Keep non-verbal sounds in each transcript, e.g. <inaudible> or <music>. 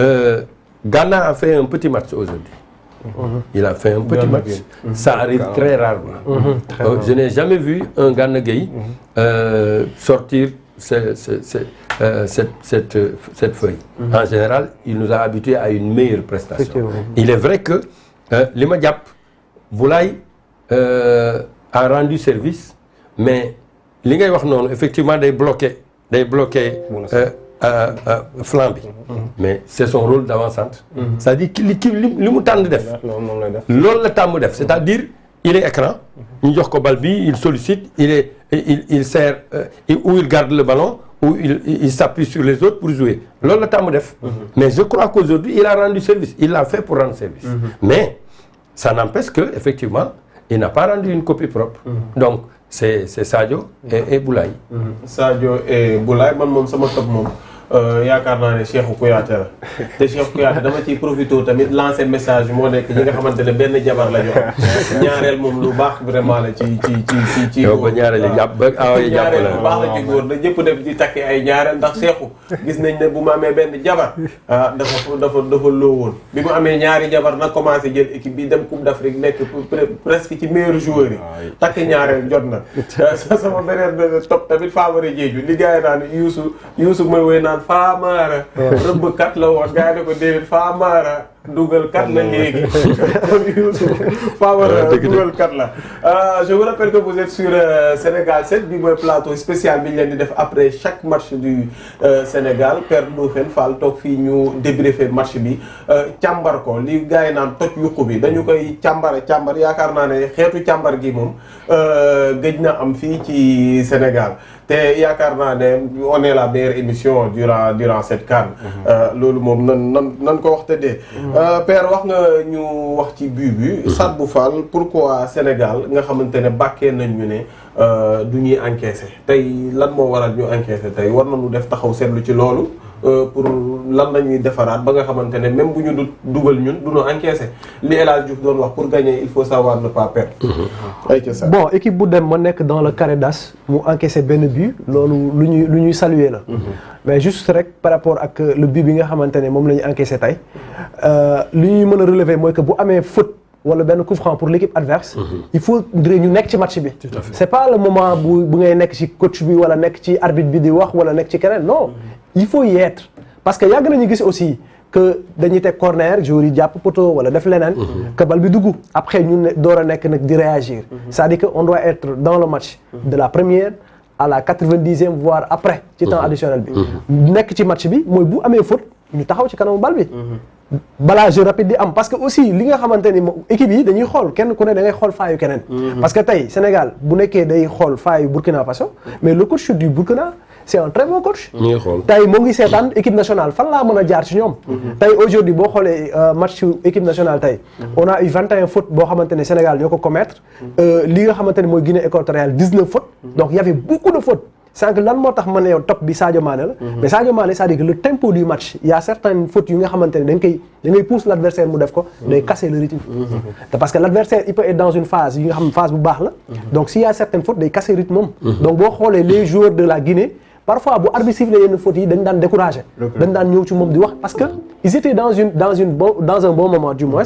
Euh, Ghana a fait un petit match aujourd'hui. Mhm. Il a fait un petit Ghana match. Mmh. Ça arrive Ghana. très rarement. Mmh. Très euh, je n'ai jamais vu un Ghana Gueye mhm. euh, sortir ce, ce, ce, euh, cette, cette, cette, feuille. Mhm. En général, il nous a habitués à une meilleure prestation. Il est vrai que euh, Lima Diap, Boulaye euh, a rendu service, mais li ngay wax noonu effectivement day bloqué day bloqué. Euh, euh, flanc bi. Mm-hmm. mais c' est son rôle d' avant-centre. Mm-hmm. c' est à dire ki li ki mm-hmm. def. loolu la tàmm def c' est à dire il est écran ñu jox ko bal bi il sollicite il est il il sert euh, ou il garde le ballon ou il il sur les autres pour jouer loolu la tàmm def. mais je crois qu'aujourd'hui il a rendu service il l'a fait pour rendre service. mais ça n'empêche que effectivement il n'a pas rendu une copie propre. donc c'est c'est Sadio et et Boulaye. Sadio et Boulaye man moom sama top moom. Euh, yaakaar naa ne Cheikhou Kouyaté la te Cheikhou Kouyaté dama ciy profité tamit lancer message moo nekk ñi nga xamante ne benn jabar la ñu ñaareel moom lu baax vraiment la ci ci ci ci ci yow ba ñaareel yi jàpp ba aw yi da ñëpp dem di takki ay ñaareel ndax Cheikhou gis ma ah, bi mu amee ñaari jabar nag commencé jël équipe <laughs> ah, beneen benn top tamit favori jeeju li gars yi naan Youssou mooy woy naan naan faamaara ah. rëbbkat la woon gars yi ne ko déedéet faamaara dugal kat la léegi <laughs> faamaara ah, dugal kat la ah, je vous rappelle que vous êtes sur euh, Sénégal 7 bi mooy plateau spécial bi leen di def après chaque match du euh, Sénégal Père Ndofène Fall toog fii ñu débriefé match bi euh, càmbar ko li gars yi naan toj yuqu bi dañu koy càmbara càmbar yaakaar naa ne xeetu càmbar gi moom géej na am fii ci Sénégal te yaakaar naa ne on est la meilleure émission durant durant cette CAN. Mhm. Euh, loolu moom nan nan nan ko wax tëddee. Mhm. Euh, Père wax nga ñu wax ci but bi. Mhm. Sadbou Fall pourquoi Sénégal nga xamante ne bàkkee nañ ñu ne. Euh, du ñuy encaissé tey lan moo waral ñu encaissé tey war nañu def taxaw seetlu ci loolu euh, pour lan lañuy ñuy defaraat ba nga xamante ne même bu ñu du dugal ñun du ñu encaissé li El Hadj Diouf doon wax pour gagner il faut savoir ne pas perdre. Mm-hmm. bon équipe bu dem ma nekk dans le carré d'as mu encaissé benn bi loolu lu ñuy lu ñuy saluer la. Mm-hmm. mais juste rek par rapport ak le bi bi nga xamante ne moom la ñu tey euh, li ñuy mën a relever mooy que bu amee faute. wala benn coup franc pour l'équipe adverse mhm. il faut ñu nekk ci match bi c'est pas le moment bu bu ngay nekk ci coach bi wala nekk ci arbitre bi di wax wala nekk ci keneen non il faut y être parce que yàgg nañu gis aussi que dañuy teg corner joueur yi jàpp poteau wala def leneen mhm. que bal bi après ñu door a nekk nag di réagir mhm. c'est-à-dire que on doit être dans le match de la première à la quatre-vingt-dixième voire après ci temps additionnel bi nekk ci match bi mooy bu amee faute ñu taxaw ci kanamu bal bi balaa jeu rapide di am parce que aussi li nga xamante ni équipe yi dañuy xool kenn ku ne da ngay xool faayu keneen. Mm-hmm. parce que tey Sénégal bu nekkee day xool faayu Burkina Faso. Mm-hmm. mais le coach du Burkina c' est un très coach. ñu ngi xool tey moo ngi seetaan équipe nationale fan laa mën a jaar ci ñoom. Mm-hmm. tey aujourd'hui boo xoolee euh, match équipe nationale tey. on a eu 21 boo xamante ne Sénégal ñoo ko commettre. Euh, li nga xamante ne mooy Guinée Équatoriale 19 fautes. donc y' sànq lan moo tax ma ne yow top bi Sadio Mané la. Mhm. mais Sadio Mané c'est-à-dire le tempo du match y a certaines yu nga xamante ne dañ koy da l'adversaire mu def ko. Mhm. day casser le rythme. Mhm. te parce que l'adversaire il peut être dans une phase yi nga xam phase bu baax la. donc s'il y a certaines fautes day casser rythme moom. donc boo xoolee le joueurs de la Guinée. parfois bu arbitre sifflé yenn fautes yi dañ daan découragé dañ daan ñëw ci moom di wax parce que ils étaient dans un bon moment du moins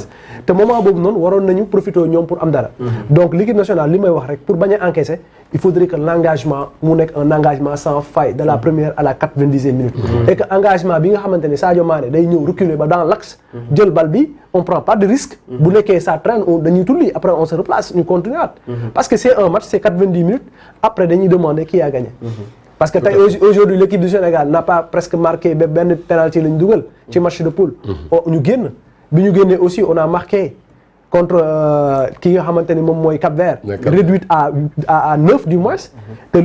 te moment boobu noonu waroon nañu profité ñoom pour am dara mm-hmm. donc l'équipe nationale li may wax rek pour bañ a encaisser il faudrait que l'engagement mu nekk un engagement sans faille de la première à la quatre-vingt-dixième minute mm-hmm. engagement bi nga xamante ne Sadio Mané day ñëw reculer ba dans l'axe mm-hmm. jël bal bi on prend pas de nekkee ça traîne on dañuy tulli après on parce que tey aujourd'hui l'équipe du Sénégal n'a pas presque marqué benn penalty la ñu dugal ci match de poule mhm. oh, ñu génn bi ñu génnee aussi on a marqué contre euh, ki nga xamante ni moom mooy Cap Vert réduite à à neuf du moins mhm. te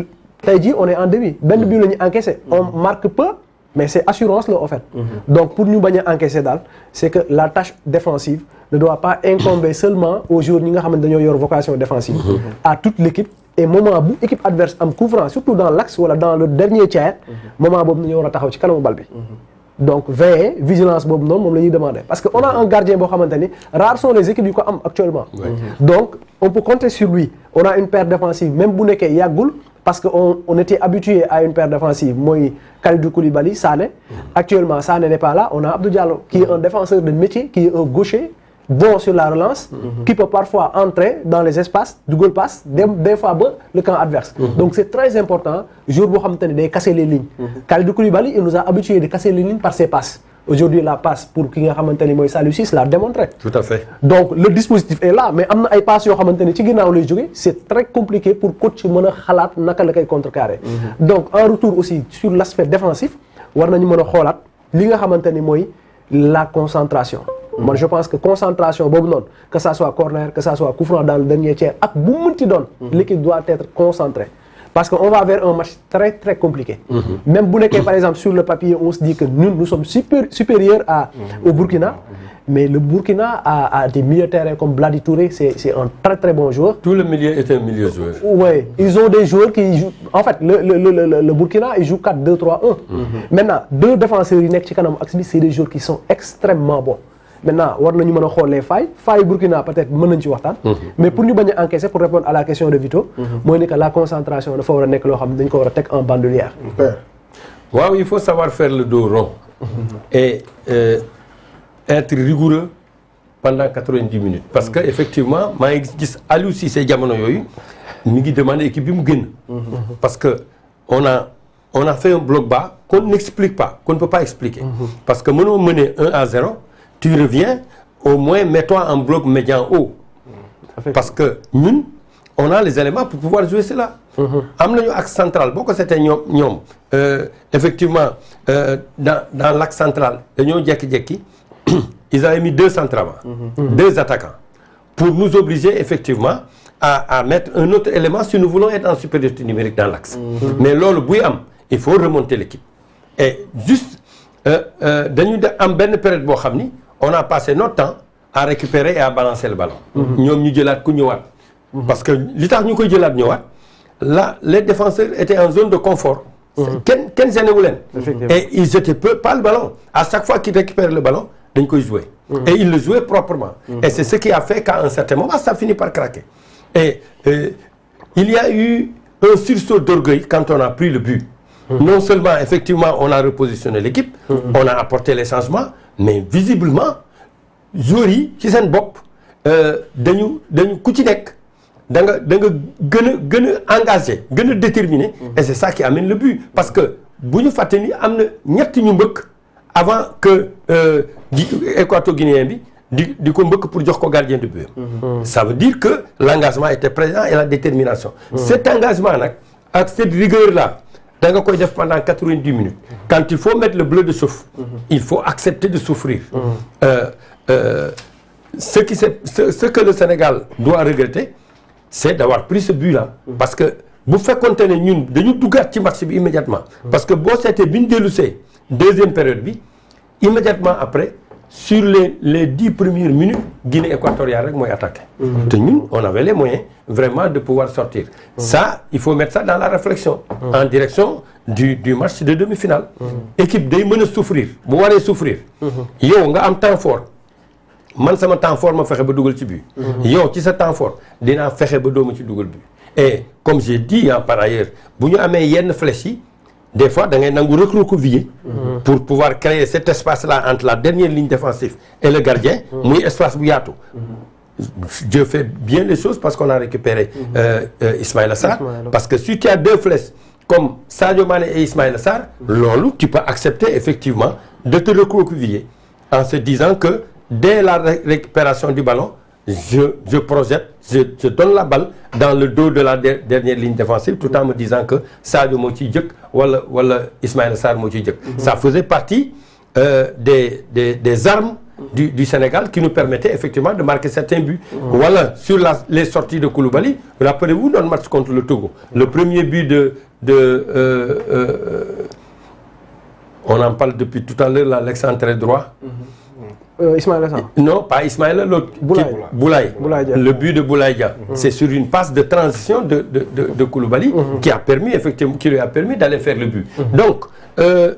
tey jii on est en demi benn bi la ñu encaissé mhm. on marque peu mais c'est assurance la en fait donc pour ñu bañ a encaisser daal c'est que la tâche défensive ne doit pas incomber seulement aux joueurs ñi nga xamante dañoo yor vocation défensive à toute l'équipe et bu équipe adverse am coup surtout dans l'axe wala dans le dernier tiers mhm. moment boobu nañu war a taxaw ci kanamu bal bi mhm. donc veiller vigilance boobu noonu moom la ñuy parce que on a un boo xamante ni rares les équipes yu ko am actuellement mhm. donc on peut compter sur lui on a une paire défensive même bu nekkee yàggul parce que on on habitué à une paire défensive mooy Kalidou Koulibaly Sané actuellement Sané n'est pas là on a Abdou bon sur la relance. Mhm. qui peut parfois entrer dans les espaces dugal passe dem des mhm. ne day casser mhm. a habitué de casser les lignes par ses passes. aujourd'hui la passe pour ki nga xamante ni mooy Saliou Ciss a xalaat naka la koy contrecarrer. donc en retour aussi sur l' aspect défensif war nañu mën a xoolaat li nga xamante ni mooy la concentration. man je pense que concentration boobu noonu que ça soit corner que ça soit coup dans le dernier tiers ak bu mu mënti doon. Mhm. l'équipe doit être concentrée. parce que va vers un match très très compliqué. Mhm. même bu nekkee par exemple sur le papier on se dit que nous sommes supérieurs mhm. au Burkina. mais le Burkina a, des milieux de comme Bladi c'est un très très bon joueur. Tout le milieu est un milieu joueur. ils ont des joueurs qui jouent. maintenant war nañu mën a xool les failles failles Burkina peut mën nañ ci waxtaan mhm. mais pour ñu bañ a encaisser pour répondre à la question de Vito mhm. mooy ni que la concentration dafa war a nekk loo xam ne dañ ko war a teg en bandoulière waaw il faut savoir faire le dos rond mhm. et euh, être rigoureux pendant quatre-vingt-dix minutes parce que effectivement maa ngi gis Aliou Cissé jamono yooyu mi ngi demandé équipe bi mu génn parce que on a on a fait un bloc bas kon n'explique pas que mënoo mener à zéro tu reviens au moins mets-toi en bloc médian haut parce que ñun on a les éléments pour pouvoir jouer cela mhm. am nañu axe central boo ko seetee ñoom ñoom euh, effectivement euh, dans dans l'axe central dañoo jekki-jekki <clears throat> ils avaient mis deux centrales mhm. deux attaquants pour nous obliger effectivement à à mettre un autre élément si nous voulons être en supériorité numérique dans l'axe mhm. mais loolu buy am il faut remonter l'équipe et juste euh, euh, dañu am benn période boo xam ni on a passé notre temps à récupérer et à balancer le ballon. Mhm. ñoom ñu jëlaat ku ñëwaat. Mhm. parce que li tax ñu koy jëlaat ñëwaat là les défenseurs étaient en zone de confort. Mhm. kenn kenn gêné wu leen. et ils étaient peu pas le ballon à chaque fois qu'ils récupèrent le ballon dañ koy jouer. et ils le jouaient proprement. et c'est ce qui a fait qu'à un certain moment ça finit par craquer. et euh, il y a eu un sursaut d'orgueil quand on a pris le but. non seulement effectivement les changements. mais visiblement joueurs yi ci seen bopp euh, dañu dañu ku ci nekk da nga da nga gën a gën a engagé gën a déterminé. Mhm. et c'est ça qui amène le but parce que bu ñu fàtte ni am na ñett ñu mbëkk avant que euh, équato guinéen bi di di ko mbëkk pour jox ko gardien de but. Mhm. ça veut dire que l'engagement était présent et la détermination. Mhm. cet engagement nag ak cette rigueur là. da nga koy def pendant quatre-vingt-dix minutes quand il faut mettre le bleu de souffle mhm. il faut accepter de souffrir mhm. euh, euh, ce qui c'est ce, ce que le Sénégal doit regretter c'est d'avoir pris ce but là mhm. parce que bu fekkonte ne ñun dañu duggaat ci match bi immédiatement parce que boo seetee bi ñu dellusee deuxième période bi immédiatement après sur les les dix premières minutes Guinée équatoriale rek mooy attaqué. Mm-hmm. te ñun on avait les moyens vraiment de pouvoir sortir. sa mm-hmm. il faut mettre ça dans la réflexion. Mm-hmm. en direction du du match de demi-finale. équipe day mën a souffrir bu waree souffrir. yow nga am temps fort man sama temps fort ma fexe ba dugal ci bii yow ci sa temps fort dinaa fexe ba doomu ci dugal but. et comme j'ai dit par ailleurs bu ñu amee yenn flèche yi. des fois da ngay nangu recroqueviller pour pouvoir créer cet espace là entre la dernière ligne défensive et le gardien muy espace bu yaatu Dieu fait bien les choses parce qu'on a récupéré euh, euh, parce que si tu as deux flèches comme Sadio Mané et Ismaïla Sarr loolu tu peux accepter effectivement de te recroqueviller en se disant que dès la récupération du ballon je, je projette, je, je, donne la balle dans le dos de la der, dernière ligne défensive tout en me disant que Sadio Moti wala, wala Ismaël Sarr Moti mhm. Ça faisait partie euh, des, des, des, armes du, du, Sénégal qui nous permettaient effectivement de marquer certains buts. Mhm. sur la, les sorties de Koulibaly, rappelez-vous notre match contre le Togo. Le premier but de... de euh, euh, euh on en parle depuis tout à l'heure, l'Alexandre droit. Mhm. Euh, Ismaïla Sarr non pas Ismaïla l'autre Boulaye Boulaye le but de Boulaye Dia mhm. c'est sur une passe de transition de de de, de Koulibaly mhm. qui a permis effectivement qui lui a permis d'aller faire le but mhm. donc euh,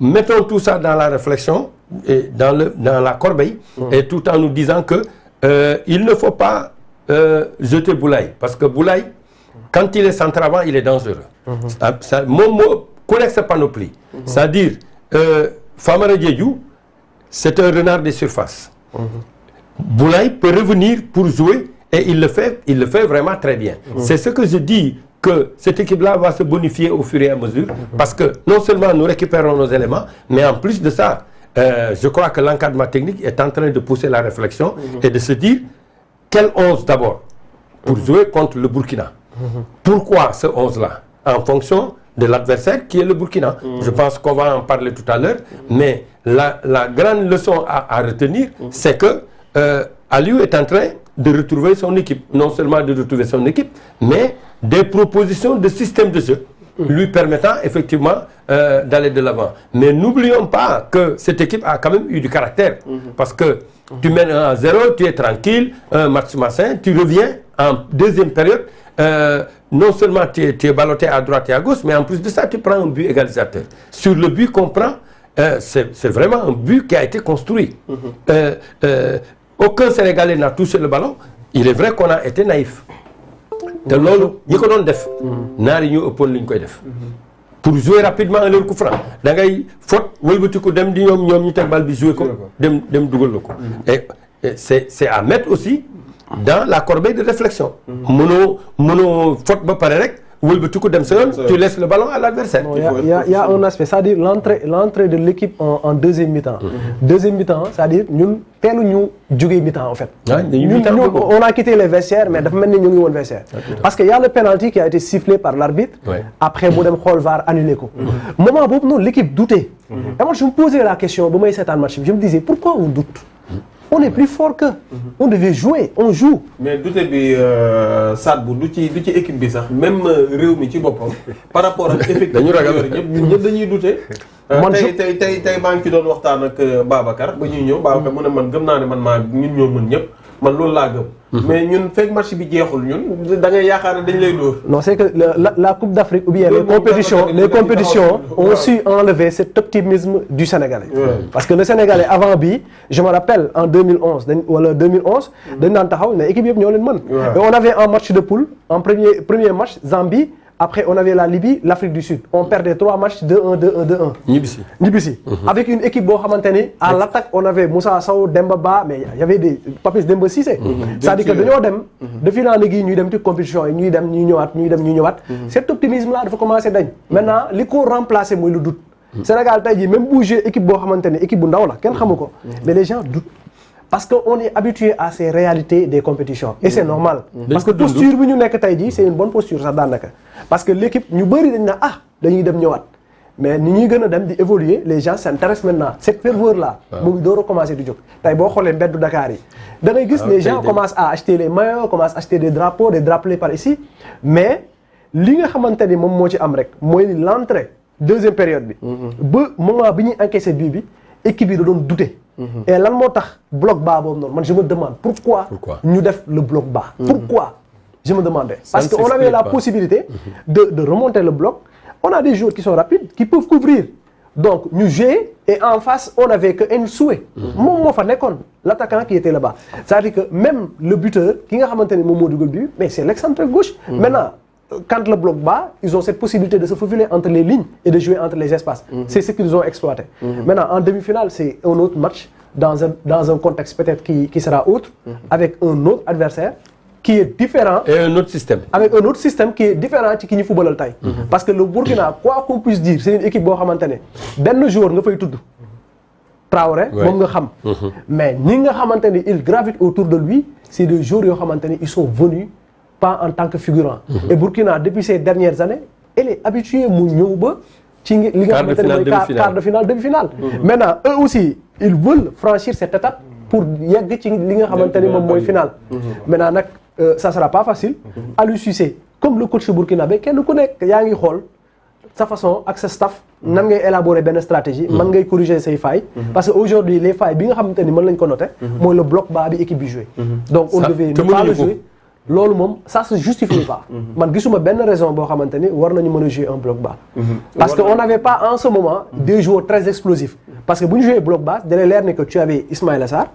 mettons tout ça dans la réflexion et dans le dans la corbeille et tout en nous disant que euh, il ne faut pas euh, jeter Boulaye parce que Boulaye quand il est centre-avant il est dangereux ça moom moo ku nekk sa panoplie c'est-à-dire euh, Famara Diédhiou c'est un renard des surfaces. Boulaye peut revenir pour jouer et il le fait, il le fait vraiment très bien. C'est ce que je dis que cette équipe-là va se bonifier au fur et à mesure parce que non seulement nous récupérons nos éléments, mais en plus de ça, euh, je crois que l'encadrement technique est en train de pousser la réflexion et de se dire quel 11 d'abord pour jouer contre le Burkina. Pourquoi ce 11-là? En fonction de l'adversaire qui est le Burkina. Je pense qu'on va en parler tout à l'heure, mais la, la grande leçon à, à retenir, mmh. c'est que euh, Aliou est en train de retrouver son équipe. Non seulement de retrouver son équipe, mais des propositions de système de jeu mm-hmm. lui permettant effectivement euh, d'aller de l'avant. Mais n'oublions pas que cette équipe a quand même eu du caractère. Mmh. Parce que tu mènes 1 à 0, tu es tranquille, un match massin, tu reviens en deuxième période. Euh, non seulement tu es, tu es ballotté à droite et à gauche, mais en plus de ça, tu prends un but égalisateur. Sur le but qu'on prend, euh, c'est vraiment un but qui a été construit. Mmh. Euh, euh, aucun Sénégalais n'a touché le ballon. Il est vrai qu'on a été naïf. te mm-hmm. loolu ñi ko doon def. Mm-hmm. naar yi ñoo ëppoon li ñu koy def. Mm-hmm. pour jouer rapidement à leur coup franc da ngay fot wëlbatiku dem di ñoom ñoom ñu teg bal bi jouer ko. dem dem dugal la ko. et c'est c'est à mettre aussi dans la corbeille de réflexion. mënoo mënoo fot ba pare rek. wëlbatiku dem sa yoon tu laisses le ballon à l'adversaire il y aspect cest dire l'entrée de l'équipe en, deuxième mi-temps mm-hmm. deuxième mi temps dire ñun teelu ñu jugee mi en fait ñun on a quitté les vestiaires mais dafa mel ni parce que y le penalty qui a été sifflé par l'arbitre après mu dem xool VAR mm-hmm. moment boobu noonu l'équipe doutait mm-hmm. et moi je me la question ba may seetaan match je me disais pourquoi on on est plus fort que. Mhm. on devait jouer on joue. mais dute bi euh, bu du ci du ci équipe bi sax même euh, réew mi ci boppam par rapport ak effectif dañu ragal ñëpp ñun ñëpp dañuy dute. Euh, man tey tey tey tey maa ngi ci doon waxtaan ak Babacar ba ñuy ñëw Babacar mu ne man gëm naa ne man maa ñun ñoo mën ñëpp man loolu laa gëm. Mhm. mais ñun fekk match bi jeexul ñun da ngay yaakaar ne dañ lay dóor. non c' est que la la coupe d' ou bien les compétitions les compétitions ont su enlever cet optimisme du Sénégalais. parce que le Sénégalais avant bi je me rappelle en 2011 dañ wala ne équipe yëpp ñoo leen mën. on avait un match de poule en premier match Zambie. Après, on avait la Libye, l'Afrique du Sud. On perdait trois matchs, 2-1, 2-1, 2-1. Nibissi. Nibissi. Mm-hmm. Avec une équipe, bon, à l'attaque, on avait Moussa Assao, Demba Ba, mais il y avait des Papis Demba Cissé. Mhm. C'est-à-dire que dañoo dem. Mhm. de fil en aiguille ñuy dem ci compétition yi ñuy dem ñuy ñëwaat ñuy dem ñuy ñëwaat. Mhm. Cet optimisme-là dafa commencé dañ. Maintenant, li ko remplacé mooy le doute. Sénégal tey jii même bu joué équipe boo xamante ne équipe bu ndaw la kenn xamu ko. mais les gens doutent. parce que on est habitué à ces réalités des compétitions et c'est mmh. normal mmh. parce que posture bi ñu nekk tey jii c'est une bonne posture sax daanaka parce que l'équipe ñu bëri dañ na ah dañuy dem ñëwaat mais ni ñuy gën a dem di évoluer les gens s'intéressent maintenant cette ferveur là ah. mu ngi door a commencé di jóg tey boo xoolee mbeddu Dakar yi da ngay gis ah, les gens commencent à acheter les maillots commencent à acheter des drapeaux des drapelés par ici mais li nga xamante ni moom moo ci am rek mooy l'entrée deuxième période bi mmh, ba moment bi ñuy encaissé bi équipe yi da doon douter. Mhm. et lan moo tax bloc bas boobu noonu man je me demande pourquoi. ñu def le bloc bas. Mhm. pourquoi je me demande parce que on avait la possibilité. Mhm. de de remonter le bloc. on a des joueurs qui sont rapides qui peuvent couvrir. donc ñu joué et en face on avait que Nsoué. moom moo fa nekkoon l' attaquant qui était là-bas. c'est-à-dire que même le buteur ki nga xamante ne moom moo dugal but mais c' est l' quand le bloc bas, ils ont cette possibilité de se faufiler entre les lignes et de jouer entre les espaces. Mm -hmm. C'est ce qu'ils ont exploité. Mm -hmm. Maintenant, en demi-finale, c'est un autre match dans un, contexte peut-être qui, sera autre, mhm. avec un autre adversaire qui est différent. Et un autre système. qui est différent de qui football le mhm. Parce que le Burkina, quoi qu'on puisse dire, c'est une équipe qui est Dès le jour, nous fait tout. Traoré, bon, mhm. Mais, ils gravitent autour de lui, c'est des joueurs qui sont pas en tant que figurant. Mhm. et Burkina depuis ces dernières années elle est habituée mu ñëw ba. ci li nga xamante ne mooy quart de finale demi finale. maintenant ci li nga ne moom mooy finale. Mhm. maintenant nag euh, ça sera pas mhm. le coach burkinabé kenn ku nekk yaa ngi xool. sa façon ak sa staff nan ngay élaborer benn stratégie man ngay corriger say failles parce que aujourd'hui les failles bi nga xamante ni mën lañ ko noter mooy le bloc bas bi équipe bi donc on devait ne pas le jouer loolu moom sa se justifie pas. Mm-hmm. Mm-hmm. man gisuma benn raison boo xamante ni war nañu mën a jouer un bloc bas. Mm-hmm. parce que on n'avait pas en ce moment. des joueurs très explosifs. parce que bu ñu jouer ba bas dina leer ne que tu avais Ismaïla Sarr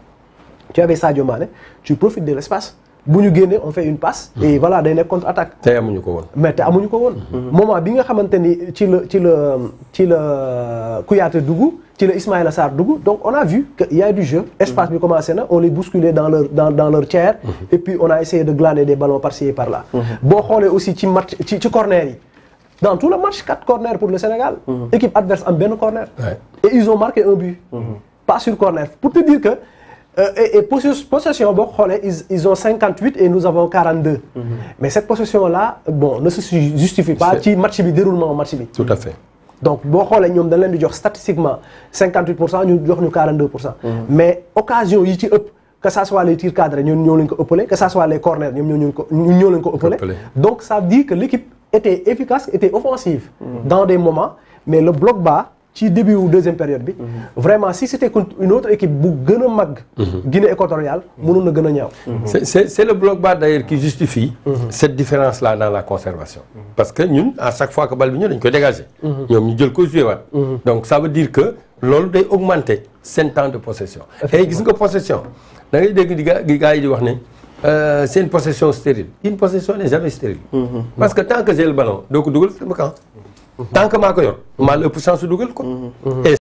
tu avais Sadio Mané tu profites de l l'espace bu ñu génnee on fait une passe. Mm-hmm. et voilà day nekk contre attaque. tey amuñu ko woon. mais te amuñu ko woon. Mm-hmm. moment bi nga xamante ni ci la ci la ci la euh, Kouyaté dugg ci la Ismaïla Sarr dugg donc on a vu que y a du jeu. espace mm-hmm. bi commencé na on les bousculait dans leur dans dans leur chair. et puis on a essayé de glaner des ballons par par là. boo xoolee aussi ci match yi. dans tout le match quatre pour le Sénégal. équipe adverse am benn corner. et ils ont marqué un Euh, et et possession boo xoolee ils ils ont 58 et nous avons 42. Mm-hmm. mais cette possession là bon ne se justifie pas. ci match bi déroulement match bi. tout à fait. donc boo xoolee ñoom dañ di jox statistiquement pour cent ñu jox ñu pour cent. Mm-hmm. mais occasion yi ci ëpp. que ça soit les tirs cadrés ñoom ñoo leen ko ëppale que ça soit les corners ñoom ñoo ko ñoo leen ko donc ça veut dire que l'équipe était efficace était offensive. Mm-hmm. dans des moments mais le bloc ci début wu deuxième période bi. Mhm. vraiment si c'était une autre équipe bu gën a mag. Mhm. Guinée équatoriale mënoon na gën a ñaaw. Mhm. c'est c'est c'est le bloc bas d'ailleurs qui justifie. cette différence là dans la conservation. parce que ñun à chaque fois que bal bi ñëw dañ koy dégager. ñoom ñu jël ko joué waat. donc ça veut dire que loolu day augmenter seen temps de possession. et gis nga possession da ngay dégg di gaa yi di wax ne. Euh, c'est une possession stérile une possession n'est tant que maa ko yor maa la ëpp chance dugal ko mm-hmm.